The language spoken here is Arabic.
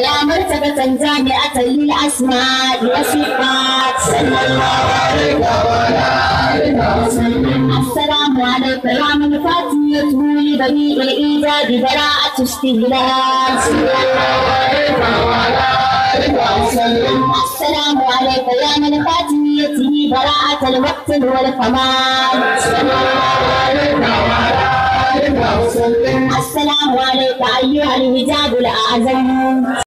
لا مرتبة جامعة للأسماء والصفات صلى الله عليك وعلى السلام عليك يا من فاتيته لبني الإيجاد براءة استهلاك صلى الله عليك وعلى السلام عليك يا من خاتميته براءة الوقت والكمال السلام عليك أيها الهجاب الأعظم